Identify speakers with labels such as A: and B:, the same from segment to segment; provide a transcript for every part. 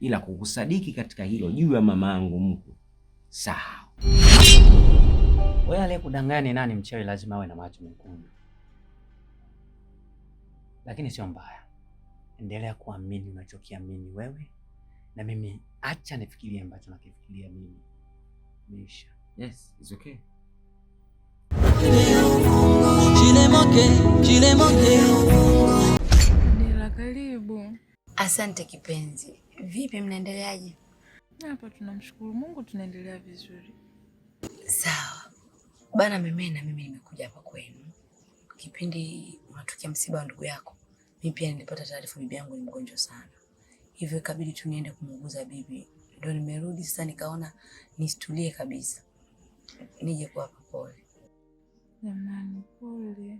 A: ila kukusadiki katika hilo juu ya mama yangu mkwe. Sawa. Wewe aliyekudanganya nani? Mchawi lazima awe na macho mekundu, lakini sio mbaya. Endelea kuamini unachokiamini wewe na mimi, acha nifikirie ambacho nakifikiria mimi. Meisha.
B: Yes, it's okay.
C: karibu.
D: Asante kipenzi. Vipi, mnaendeleaje?
C: Hapa tunamshukuru Mungu, tunaendelea vizuri.
D: Sawa bana, na mimi nimekuja hapa kwenu. Kipindi unatokea msiba wa ndugu yako, mimi pia nilipata taarifa, bibi yangu ni mgonjwa sana, hivyo ikabidi tu niende kumuuguza bibi, ndio nimerudi sasa, nikaona nistulie kabisa nije kuwapa pole.
C: Jamani, pole.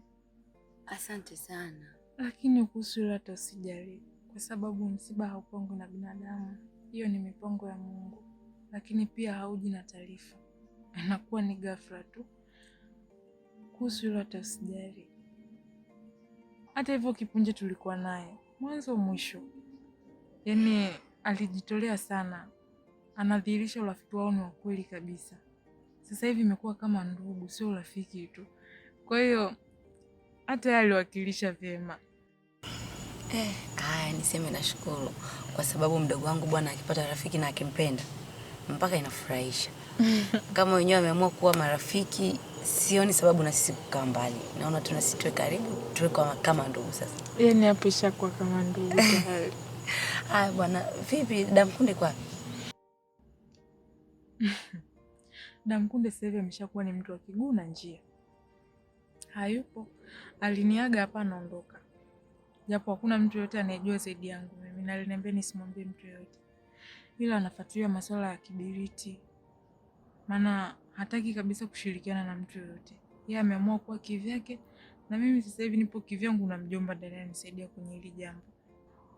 D: Asante sana,
C: lakini kuhusu hilo hata sijaribu kwa sababu msiba haupangwi na binadamu, hiyo ni mipango ya Mungu, lakini pia hauji na taarifa, anakuwa ni ghafla tu. Kuhusu hilo hata Hata hivyo Kipunje tulikuwa naye mwanzo mwisho, yaani alijitolea sana, anadhihirisha urafiki wao ni wa kweli kabisa. Sasa hivi imekuwa kama ndugu, sio urafiki tu. Kwa hiyo hata yeye aliwakilisha vyema.
D: Eh, aya niseme nashukuru kwa sababu mdogo wangu bwana akipata rafiki na akimpenda mpaka inafurahisha. Kama wenyewe wameamua kuwa marafiki, sioni sababu na sisi kukaa mbali. Naona tuna sisi tuwe karibu, tuwe kwa kama ndugu sasa.
C: Yaani hapo ishakuwa kama ndugu tayari.
D: Aya bwana, vipi Damkunde kwa?
C: Damkunde sasa hivi ameshakuwa ni mtu wa kiguu na njia. Hayupo. Aliniaga hapa naondoka japo hakuna mtu yoyote anayejua zaidi yangu mimi, na aliniambia nisimwambie mtu yoyote, ila anafuatilia masuala ya kibiriti, maana hataki kabisa kushirikiana na mtu yoyote. Yeye ameamua kuwa kivyake, na mimi sasa hivi nipo kivyangu na mjomba ndiye anisaidia kwenye hili jambo.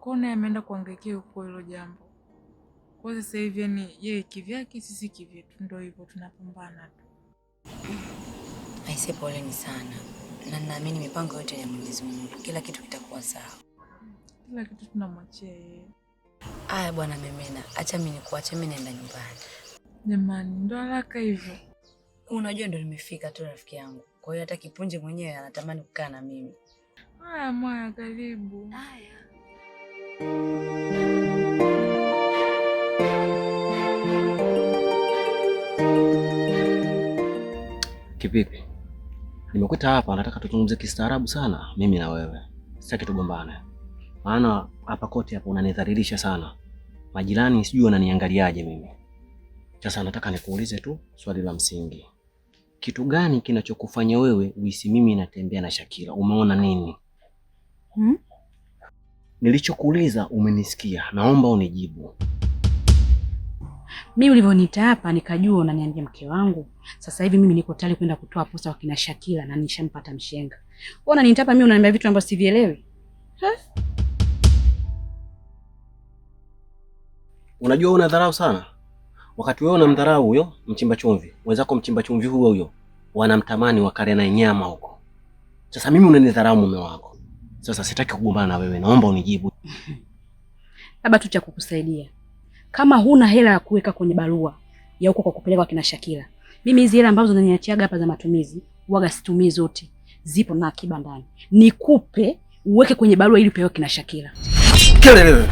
C: Kwa naye ameenda kuangaikia huko hilo jambo. Kwa sasa hivi yani yeye kivyake, sisi kivyetu, ndio hivyo tunapambana tu.
D: Aise, poleni sana na naamini mipango yote ya Mwenyezi Mungu, kila kitu kitakuwa sawa.
C: Kila kitu tunamwachia yeye.
D: Aya bwana Memena, acha mimi nikuache, mimi naenda nyumbani.
C: Jamani, ndo haraka hivyo?
D: Unajua ndo nimefika tu rafiki yangu, kwa hiyo hata kipunje mwenyewe anatamani kukaa na mimi.
C: aya mwaya, karibu.
D: Aya.
B: Kipipi. Nimekuita hapa, nataka tuzungumze kistaarabu sana, mimi na wewe. Sitaki tugombane, maana hapa kote hapa unanidhalilisha sana, majirani sijui wananiangaliaje mimi. Sasa nataka nikuulize tu swali la msingi, kitu gani kinachokufanya wewe uhisi mimi natembea na Shakira? Umeona nini hmm? Nilichokuuliza umenisikia, naomba unijibu.
E: Mimi ulivyonita hapa nikajua unaniambia mke wangu. Sasa hivi mimi niko tayari kwenda kutoa posa kwa kina Shakila na nishampata mshenga. Wewe unaniita hapa mimi unaniambia vitu ambavyo sivielewi.
B: Unajua wewe unadharau sana. Wakati wewe unamdharau huyo mchimba chumvi, mwenzako mchimba chumvi huyo huyo wanamtamani wakale na nyama huko. Sasa mimi unanidharau mume wako. Sasa sitaki kugombana na wewe, naomba unijibu.
E: Labda tu cha kukusaidia kama huna hela ya kuweka kwenye barua ya huko kwa kupeleka kina Shakira, mimi hizi hela ambazo naniachiaga hapa za matumizi waga situmii zote, zipo na akiba ndani, nikupe uweke kwenye barua ili upewe kina Shakira. Kelele.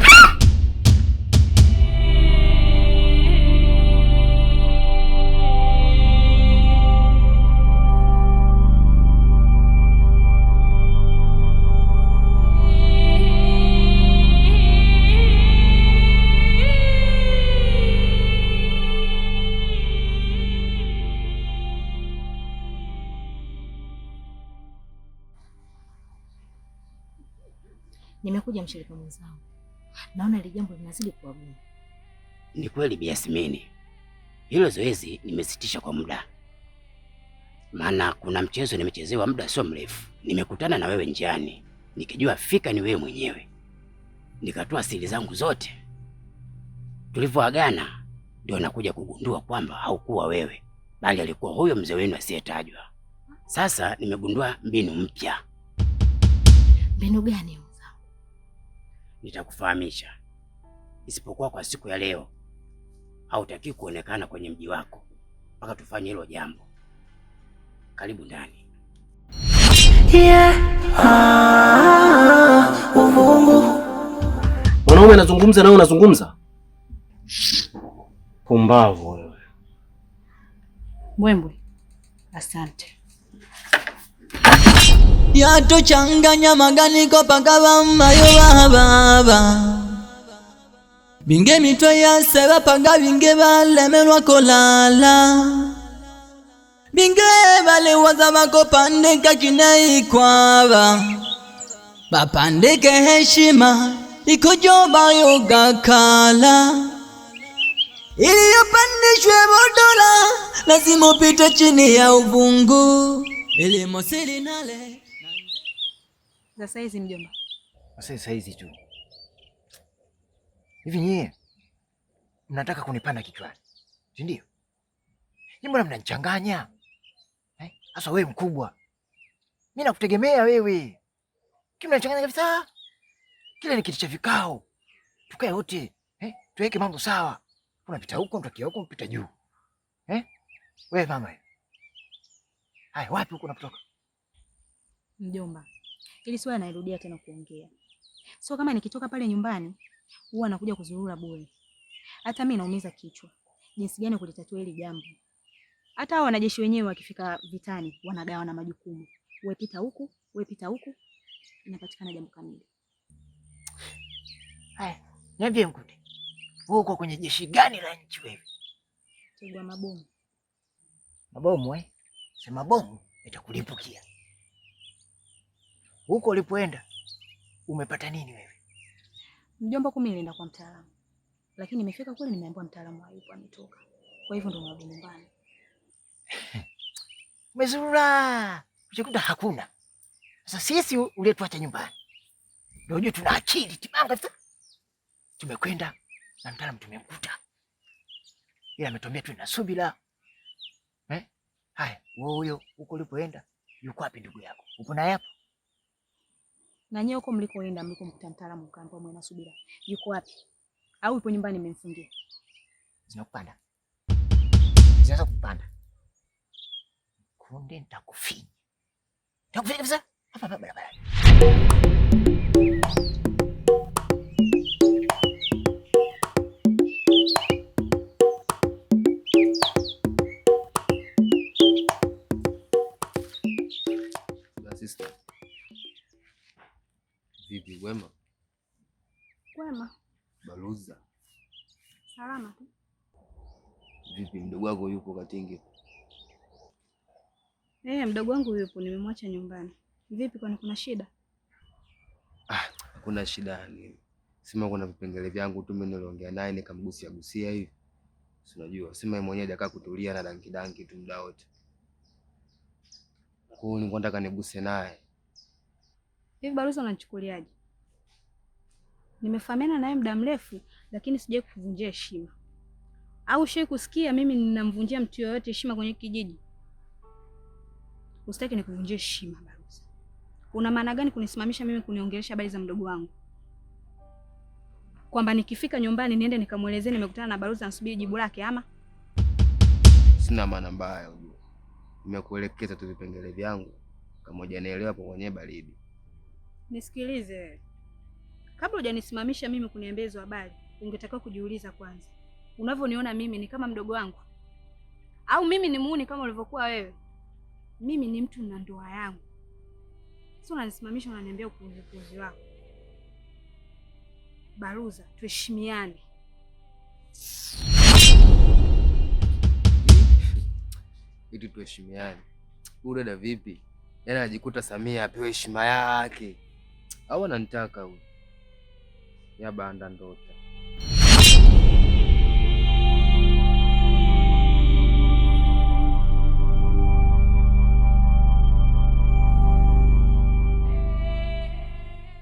E: kuja mshirika mwenzao. naona ile jambo linazidi kuwa gumu.
F: Ni kweli Bi Yasmini, hilo zoezi nimesitisha kwa muda, maana kuna mchezo nimechezewa muda sio mrefu. Nimekutana na wewe njiani, nikijua fika ni wewe mwenyewe, nikatoa siri zangu zote. Tulivyoagana ndio nakuja kugundua kwamba haukuwa wewe, bali alikuwa huyo mzee wenu asiyetajwa. Sasa nimegundua mbinu mpya.
E: Mbinu gani?
F: nitakufahamisha, isipokuwa kwa siku ya leo hautaki kuonekana kwenye mji wako mpaka tufanye hilo jambo. Karibu ndani.
B: mwanaume anazungumza nawe unazungumza pumbavu wewe.
E: Mbwembwe, asante yatochanganya maganiko pagavammayo vavava binge mitwe yase paga binge balemelwa kolala binge baliwaza bakopandika kineikwava bapandike heshima ikojobayogakala iliyopandishwe bodola lazima upite chini ya uvungu mosili nale za saizi mjomba.
F: Sasa saizi tu hivi, nyie mnataka kunipanda kichwani, si ndio? Mbona mnanichanganya eh, hasa eh? Wewe mkubwa, mi nakutegemea wewe, mnanichanganya kabisa. Kile ni kiti cha vikao, tukae wote eh? Tuweke mambo sawa, unapita huko, mtakia huko, mpita juu eh? Wewe mama, haya wapi huko unapotoka
E: mjomba? ili swala anarudia tena kuongea. So kama nikitoka pale nyumbani huwa anakuja kuzurura bure. Hata mimi naumiza kichwa jinsi gani kulitatua hili jambo. Hata hao wanajeshi wenyewe wakifika vitani wanagawa na majukumu, wewe pita huku, wewe pita huku, inapatikana jambo kamili.
F: Haya, niambie Mkude, wewe uko kwenye jeshi gani la nchi? Wewe
E: tegwa mabomu.
F: Mabomu eh? Sema bomu itakulipukia huko ulipoenda umepata nini wewe?
E: Mjomba, kumi nilienda kwa mtaalamu, lakini nimefika kule nimeambiwa mtaalamu hayupo, ametoka. Kwa hivyo ndo narudi nyumbani.
F: Umezurura kuchikuta hakuna. Sasa sisi ulietuacha nyumbani ndio ujue tuna akili timanga kabisa. Tumekwenda na mtaalamu tumemkuta, ila ametuambia tu na subira eh? Haya, wewe huyo huko ulipoenda yuko wapi ndugu yako? Upo naye hapo?
E: Na nyewe huko mlikoenda mlikomkuta mtaalamu mkaambia mwana subira. Yuko wapi? Au yupo nyumbani mmemfungia?
F: Zinakupanda. Zinaanza kupanda. Kunde nitakufinya. Nitakufinya kabisa. Hapa hapa barabara.
B: mtingi.
E: Hey, eh, mdogo wangu yupo, nimemwacha nyumbani. Vipi, kwani kuna shida?
B: Ah, kuna shida nini? Sema kuna vipengele vyangu tu, mimi niliongea naye nikamgusia gusia hivi, si unajua, sema yeye mwenyewe hajakaa kutulia na danki danki tu muda wote, kwa hiyo nilikuwa nataka naye
E: hivi. Barusa, unachukuliaje? Nimefahamiana naye muda mrefu, lakini sijawahi kuvunjia heshima au shie kusikia mimi ninamvunjia mtu yoyote heshima kwenye kijiji? Usitaki nikuvunjie heshima Baruza. Una maana gani kunisimamisha mimi kuniongelesha habari za mdogo wangu? Kwamba nikifika nyumbani niende nikamwelezee nimekutana na Baruza nasubiri jibu lake ama?
B: Sina maana mbaya ujue. Nimekuelekeza tu vipengele vyangu kama hujanielewa hapo kwenye baridi.
E: Nisikilize. Kabla hujanisimamisha mimi kuniambia hizo habari, ungetakiwa kujiuliza kwanza. Unavyoniona mimi ni kama mdogo wangu au mimi ni muuni kama ulivyokuwa wewe? Mimi ni mtu na ndoa yangu, sio unanisimamisha, unaniambia upuuzipuuzi wako. Baruza, tuheshimiane.
B: Iti tuheshimiane udada vipi? Yaani anajikuta Samia apewe heshima yake au ananitaka huyu? banda ndoto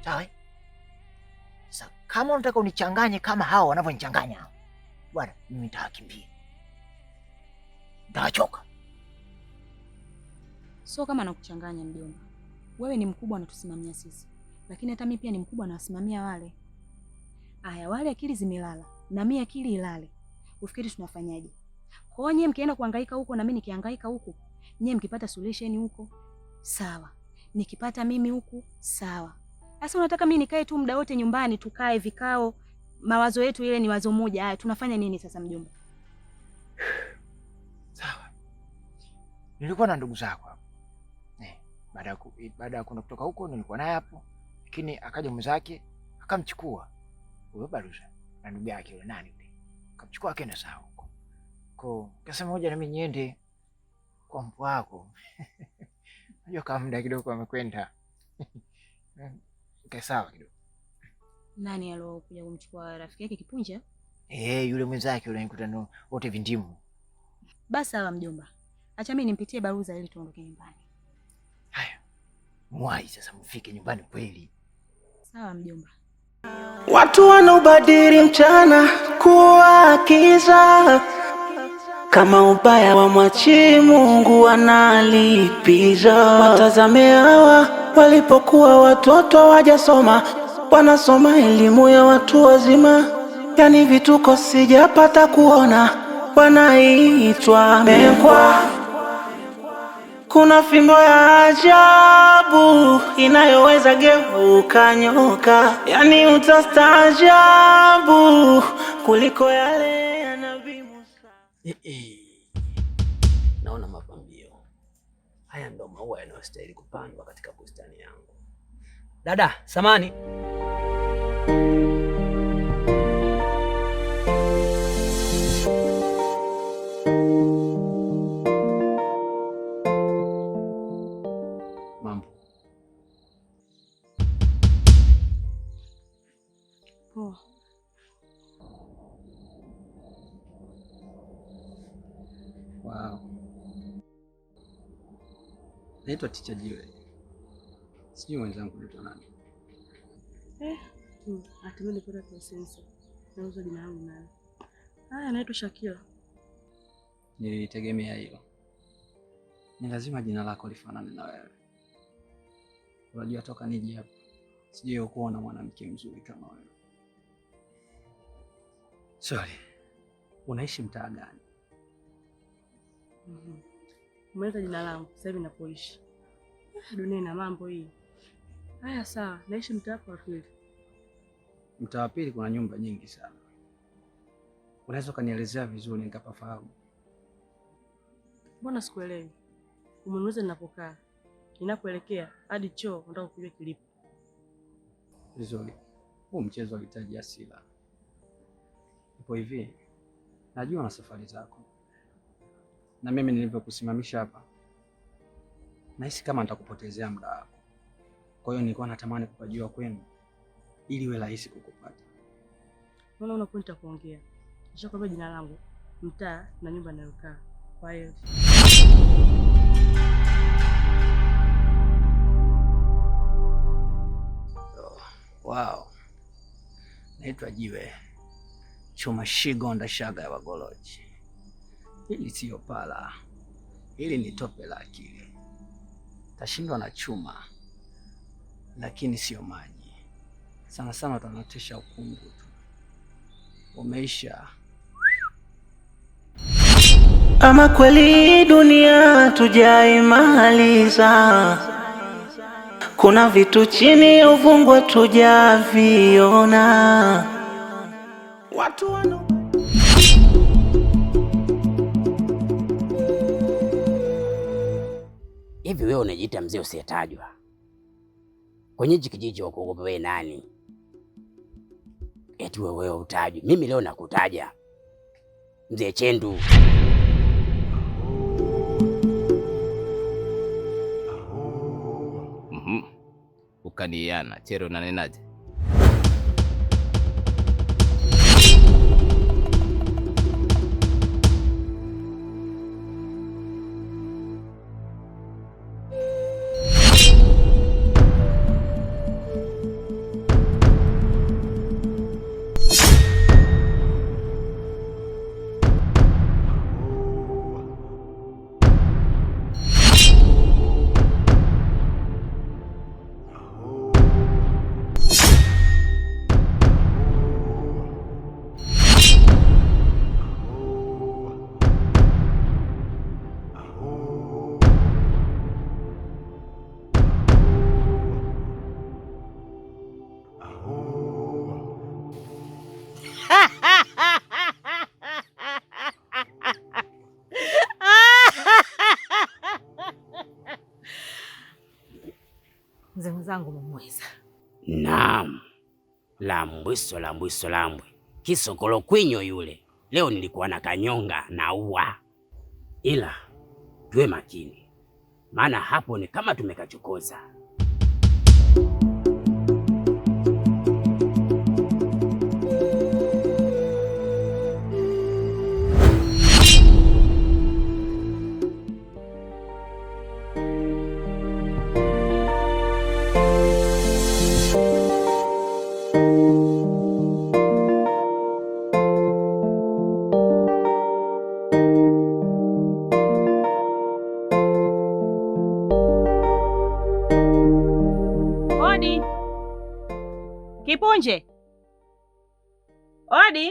F: Sawa? Sasa kama unataka unichanganye kama hao wanavyonichanganya, bwana, mimi nitakimbia, nitachoka.
E: So kama nakuchanganya, mjomba, wewe ni mkubwa, na tusimamia sisi, lakini hata mimi pia ni mkubwa, na nawasimamia wale. Aya, wale akili zimelala, na mimi akili ilale. Ufikiri tunafanyaje? Kwa hiyo nyie mkienda kuhangaika huko na mimi nikihangaika huko, nyie mkipata solution huko sawa, nikipata mimi huku sawa sasa unataka mimi nikae tu muda wote nyumbani, tukae vikao, mawazo yetu ile ni wazo moja. Haya, tunafanya nini sasa mjomba?
F: Sawa, nilikuwa na ndugu zako eh, baada baada ya kwenda kutoka huko nilikuwa naye hapo, lakini akaja mume akamchukua huyo Baruza na ndugu yake yule nani yule, akamchukua akaenda sawa huko ko, kasema hoja nami niende kwa mpo wako. Najua kama muda kidogo amekwenda kae sawa kidogo.
E: Nani aliokuja kumchukua rafiki yake Kipunja?
F: Eh, yule mwenzake yule mkutano wote vindimu.
E: Basi sawa mjomba. Acha mimi nimpitie baruza ili tuondoke nyumbani.
F: Haya. Mwai sasa mfike nyumbani kweli.
E: Sawa mjomba. Watu wanaubadili mchana kuwa kiza, kama ubaya wa mwachi Mungu analipiza. Watazame hawa Walipokuwa watoto wajasoma, wanasoma elimu ya watu wazima, yani vituko sijapata
F: kuona, wanaitwa mekwa. Kuna fimbo ya ajabu inayoweza geuka nyoka, yani utastaajabu kuliko yale ya eh, eh. Naona mapambio haya ndo maua yanayostahili kupandwa. Dada samani,
B: mambo oh. Wow, naitwa Ticha Jiwe. Sijui mwenzangu unaitwa nani?
E: Eh, hatimaye hmm, nipata Nauza jina langu nani? Haya, naitwa Shakira.
B: Nilitegemea hilo. Ni lazima jina lako lifanane na wewe. Unajua toka niji hapa sijui kuona mwanamke mzuri kama wewe. Sorry. Unaishi mtaa gani?
E: Mm-hmm. Umeleta jina langu sasa hivi napoishi. Eh, dunia ina mambo hii. Haya, sawa. Naishi mtaa wa pili.
B: Mtaa wa pili kuna nyumba nyingi sana, unaweza ukanielezea vizuri nikapafahamu?
E: Mbona sikuelewi? Umeniuliza ninapokaa, ninakuelekea hadi choo, unataka kupiga kilipo.
B: Vizuri, huu mchezo unahitaji asila. Ipo hivi, najua na safari zako, na mimi nilivyokusimamisha hapa, nahisi kama nitakupotezea muda wako kwa hiyo nilikuwa natamani kupajua kwenu ili iwe rahisi kukupata.
E: Unaona una pointa kuongea. Nishakwambia jina langu, mtaa na nyumba ninayokaa. Kwa hiyo
B: Wow. Naitwa Jiwe chuma shigonda shaga ya wagoloji. Hili siyo pala, hili ni tope la akili. Tashindwa na chuma lakini sio maji. Sana sana utanotisha ukungu tu, umeisha. Ama kweli dunia tujaimaliza, kuna vitu chini uvungwa
F: tujaviona watu wano hivi. Wewe unajiita mzee usiyetajwa kwenye hiki kijiji wakuogopa wewe nani? Eti wewe utaji mimi leo nakutaja mzee Chendu.
B: Mhm. Ukaniana chero nanenaje?
E: mwenzangu Mumweza.
F: Naam, lambwiso lambwiso lambwe kisokolo kwinyo yule, leo nilikuwa na kanyonga na uwa, ila tuwe makini, maana hapo ni kama tumekachokoza.
E: Odi Kipunje, Odi.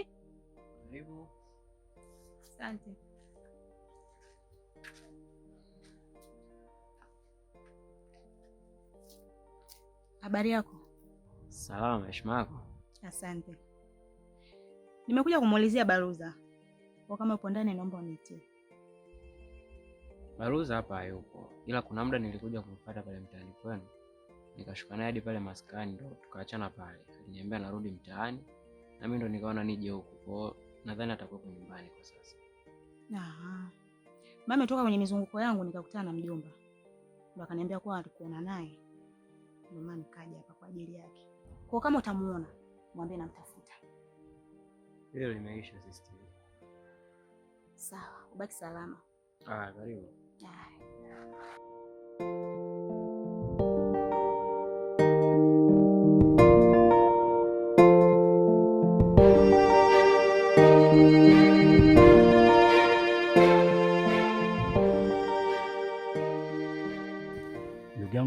E: Asante. Habari yako?
G: Salama, heshima yako.
E: Asante. Nimekuja kumuulizia Baruza kwa kama upo ndani, naomba uniite.
G: Baruza hapa hayupo, ila kuna muda nilikuja kumfuata pale mtaani kwenu nikashuka naye hadi pale maskani, ndo tukaachana pale. Aliniambia narudi mtaani, na mimi ndo nikaona nije huku. Kwa nadhani atakuwa nyumbani kwa sasa.
E: Aha. Mama toka kwenye mizunguko yangu nikakutana na mjomba. Ndo akaniambia kwa alikuona naye. ndo maana nikaja hapa kwa ajili yake. Kwa kama utamuona, mwambie namtafuta.
G: Hilo limeisha sister.
E: Sawa, ubaki salama.
G: Ah, karibu. Ah.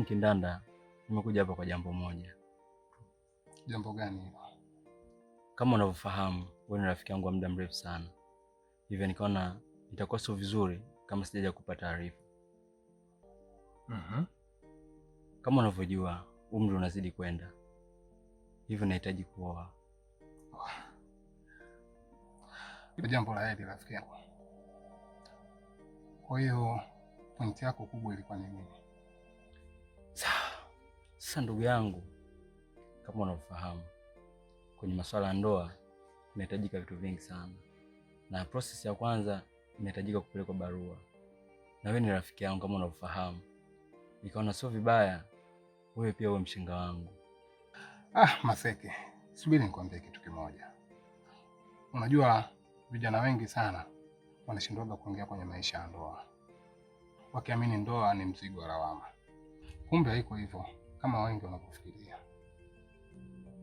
B: Fahamu Kindanda, nimekuja hapa kwa jambo moja.
G: Jambo gani
B: Kama unavyofahamu, wewe ni rafiki yangu wa muda mrefu sana, hivyo nikaona itakuwa sio vizuri kama sijaja kupa taarifa. mm-hmm. Kama unavyojua umri unazidi kwenda, hivyo nahitaji kuoa.
G: Hilo jambo la heri, rafiki yangu. Kwa hiyo pointi yako kubwa ilikuwa ni nini?
B: Sasa ndugu yangu, kama unavyofahamu, kwenye masuala ya ndoa inahitajika vitu vingi sana, na process ya kwanza inahitajika kupelekwa barua, na wewe ni rafiki yangu kama unavyofahamu, nikaona sio vibaya wewe pia uwe mshinga wangu.
G: Ah, Maseke, subiri nikwambie kitu kimoja. Unajua vijana wengi sana wanashindwaga kuingia kwenye maisha ya ndoa, wakiamini ndoa ni mzigo wa lawama. Kumbe haiko hivyo kama wengi wanavyofikiria.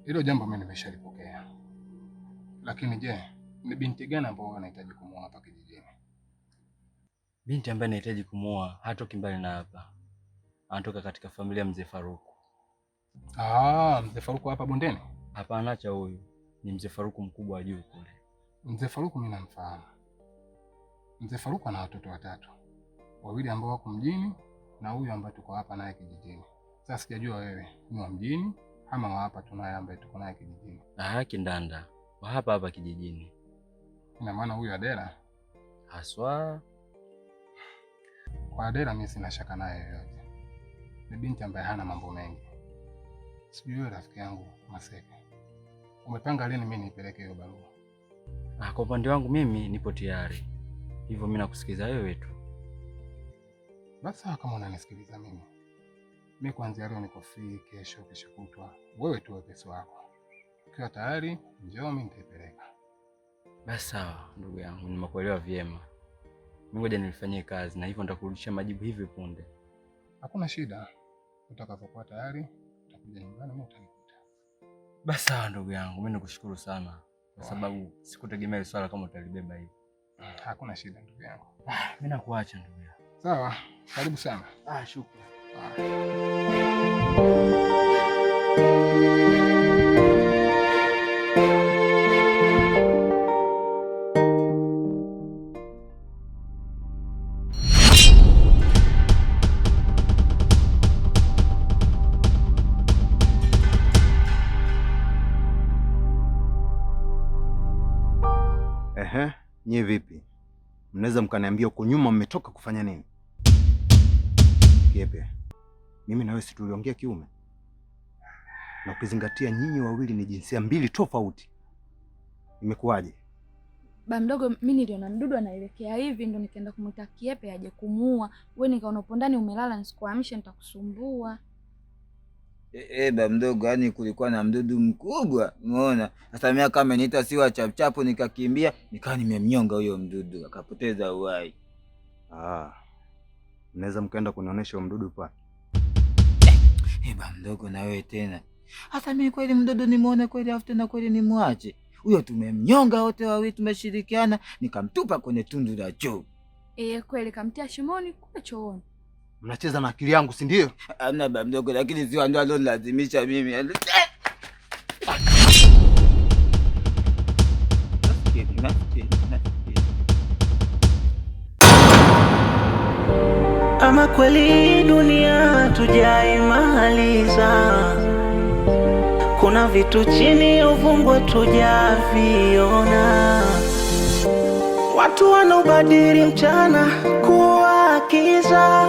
G: Hilo jambo mimi nimeshalipokea, lakini je, ni binti gani ambayo anahitaji kumuoa hapa kijijini?
B: Binti ambaye anahitaji kumuoa hatoki mbali na hapa, anatoka katika familia mzee Faruku.
G: Ah, mzee Faruku hapa bondeni?
B: Hapana, cha huyu ni mzee Faruku mkubwa wa juu kule.
G: Mzee Faruku mimi namfahamu. Mzee Faruku ana watoto watatu, wawili ambao wako mjini na huyu ambaye tuko hapa naye kijijini. Sasa sijajua wewe ni wa mjini ama wa hapa tunaye ambaye tuko naye kijijini.
B: Ah, Kindanda wa hapa hapa kijijini.
G: Ina maana huyu Adela
B: haswa.
G: Kwa Adela mimi sina shaka naye yoyote, ni binti ambaye hana mambo mengi. Sijui wewe rafiki yangu Maseke, umepanga lini mimi nipeleke hiyo barua?
B: Ah, kwa upande wangu mimi nipo tayari, hivyo mimi nakusikiliza wewe tu.
G: Basi kama unanisikiliza mimi Mi kuanzia leo niko free, kesho kesho kutwa, wewe tu wepesi wako. Ukiwa tayari, njoo mi nitaipeleka.
B: Basi sawa, ndugu yangu, nimekuelewa vyema. Mi ngoja nilifanyie kazi, na hivyo nitakurudishia majibu hivi punde.
G: Hakuna shida, utakapokuwa tayari utakuja nyumbani mi utanikuta.
B: Basi sawa, ndugu yangu, mi nikushukuru sana kwa sababu sikutegemea swala kama utalibeba hivi.
G: Hakuna shida, ndugu yangu.
B: Ah, mi nakuacha ndugu yangu.
G: Sawa, karibu sana.
B: Ah, shukrani.
H: Ehe, nyie vipi? Mnaweza mkaniambia huko nyuma mmetoka kufanya nini? Yepe. Mimi na wewe si tuliongea kiume, na ukizingatia nyinyi wawili ni jinsia mbili tofauti, imekuwaje?
I: Ba mdogo, mimi niliona mdudu anaelekea hivi, ndo nikaenda kumwita kiepe aje kumuua. Wewe nikaona upo ndani umelala, nisikuamshe nitakusumbua.
J: E, e, ba mdogo, yani kulikuwa na mdudu mkubwa, umeona? Sasa mimi kama ameniita siwa chapchapu, nikakimbia nikawa nimemnyonga huyo mdudu akapoteza uhai.
H: Ah, naweza mkaenda kunionyesha mdudu pale
K: Eba mdogo, na wewe tena. hata mimi kweli mdodo nimeona kweli, afu tena kweli nimwache huyo? Tumemnyonga wote wawili, tumeshirikiana, nikamtupa kwenye tundu la choo.
I: Eh, kweli kamtia shimoni kule chooni.
H: Mnacheza na akili yangu, si ndio?
J: Amna ba mdogo, lakini sio ndo alionilazimisha mimi. Eh, Kama kweli dunia tujaimaliza, kuna vitu chini uvungwa tujaviona. Watu wanaobadili mchana kuwa kiza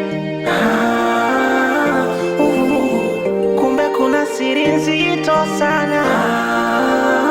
L: ah, uh, kumbe kuna siri nzito sana ah,